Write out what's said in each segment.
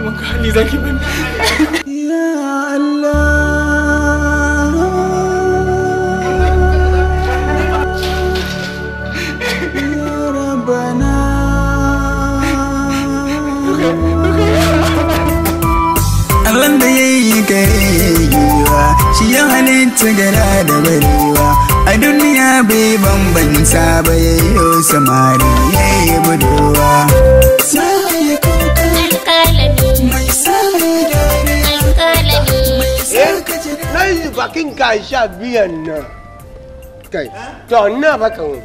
kuma zaki ban ya Allah ya rabbana Allah da yayi gaiwa, shi ya halitta gara da barewa a duniya bai bambanta ba yayi samari yayi budowa bakin gasha biyan nan kai eh? to na ba wani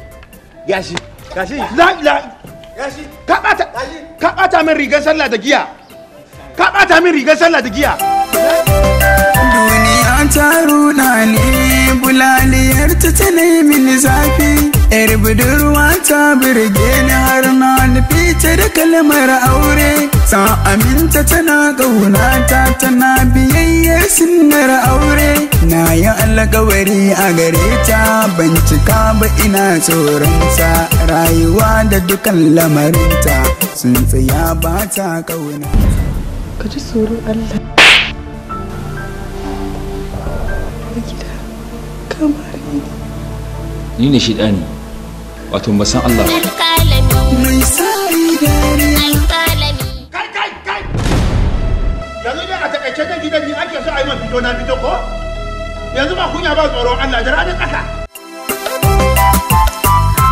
gashi gashi la la gashi ka bata ka bata min rigar sallah da giya ka bata min rigar sallah da giya duniya ta runa ne, bulaliyar ta tana min zafi yar budurwa ta birge ni har na nufi ta da kalmar aure sa aminta tana ta tana biyayyar kawari a gare ta bincika ba ina tsoronta rayuwa da dukan lamarinta sun tsaya ba ta kauna ka ji tsoron allah gida kamar ne ni ne shi ɗani wato ba san allah mai sari dariya kai kai kai yanzu ne a takaice da gidan ni ake so a yi mafi fito fito ko yanzu ba kunya ba tsoro Allah jira da ƙasa.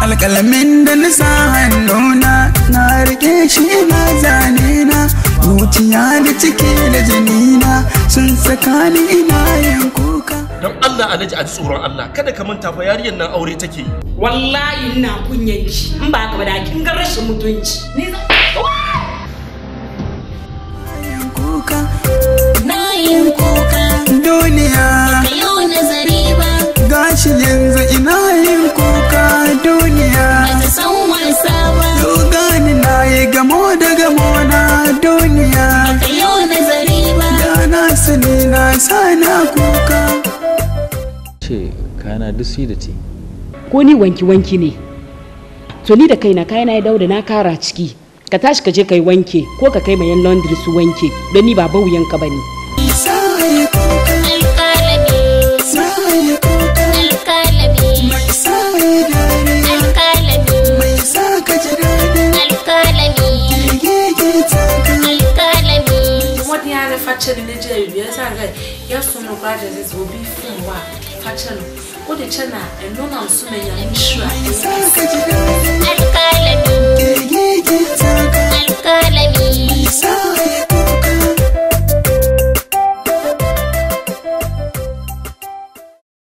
Alƙalamin da na sa hannuna na rike shi na zane na zuciya da ciki da janina sun saka ni ina yin kuka. Don Allah alaji a ji tsoron Allah kada ka manta fa yariyan nan aure take yi. Wallahi ina kunyanki in ba ka ba da kin ga rashin mutunci. ce kana duk su da ce ko ni wanki wanki ne to ni da kaina kayana ya dauda na kara ciki ka tashi ka je kai wanke ko ka kai mayan laundry su wanke don ni ba bauyan ka bane Ya the other factor in the jail? Yes, fun. wa. fa kyɛ no wode kyɛ no a so many nyame